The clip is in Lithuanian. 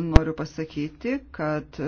noriu pasakyti, kad